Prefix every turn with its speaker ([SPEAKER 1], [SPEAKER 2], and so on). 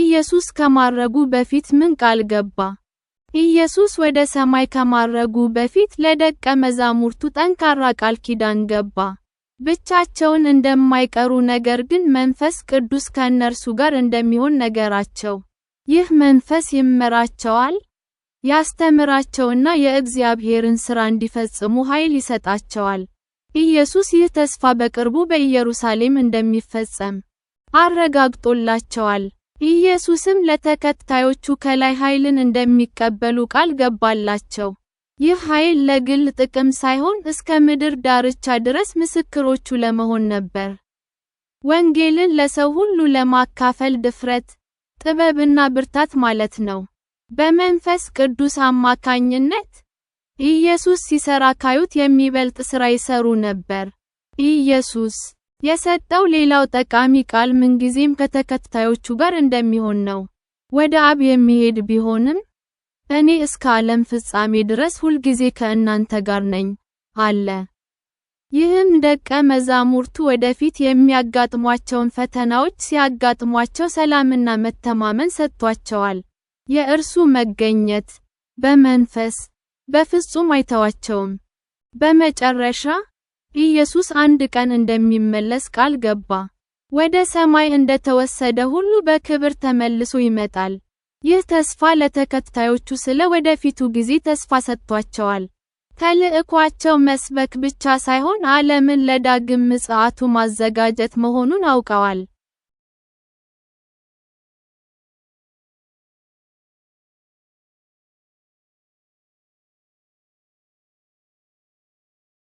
[SPEAKER 1] ኢየሱስ ከማረጉ በፊት ምን ቃል ገባ? ኢየሱስ ወደ ሰማይ ከማረጉ በፊት ለደቀ መዛሙርቱ ጠንካራ ቃል ኪዳን ገባ። ብቻቸውን እንደማይቀሩ ነገር ግን መንፈስ ቅዱስ ከእነርሱ ጋር እንደሚሆን ነገራቸው። ይህ መንፈስ ይመራቸዋል፣ ያስተምራቸውና የእግዚአብሔርን ሥራ እንዲፈጽሙ ኃይል ይሰጣቸዋል። ኢየሱስ ይህ ተስፋ በቅርቡ በኢየሩሳሌም እንደሚፈጸም አረጋግጦላቸዋል። ኢየሱስም ለተከታዮቹ ከላይ ኃይልን እንደሚቀበሉ ቃል ገባላቸው። ይህ ኃይል ለግል ጥቅም ሳይሆን እስከ ምድር ዳርቻ ድረስ ምስክሮቹ ለመሆን ነበር። ወንጌልን ለሰው ሁሉ ለማካፈል ድፍረት፣ ጥበብና ብርታት ማለት ነው። በመንፈስ ቅዱስ አማካኝነት ኢየሱስ ሲሰራ ካዩት የሚበልጥ ሥራ ይሰሩ ነበር። ኢየሱስ የሰጠው ሌላው ጠቃሚ ቃል ምንጊዜም ከተከታዮቹ ጋር እንደሚሆን ነው። ወደ አብ የሚሄድ ቢሆንም፣ እኔ እስከ ዓለም ፍጻሜ ድረስ ሁልጊዜ ከእናንተ ጋር ነኝ አለ። ይህም ደቀ መዛሙርቱ ወደፊት የሚያጋጥሟቸውን ፈተናዎች ሲያጋጥሟቸው ሰላምና መተማመን ሰጥቷቸዋል። የእርሱ መገኘት በመንፈስ በፍጹም አይተዋቸውም። በመጨረሻ ኢየሱስ አንድ ቀን እንደሚመለስ ቃል ገባ። ወደ ሰማይ እንደተወሰደ ሁሉ በክብር ተመልሶ ይመጣል። ይህ ተስፋ ለተከታዮቹ ስለ ወደፊቱ ጊዜ ተስፋ ሰጥቷቸዋል። ተልዕኳቸው መስበክ ብቻ ሳይሆን ዓለምን ለዳግም ምጽአቱ ማዘጋጀት መሆኑን አውቀዋል።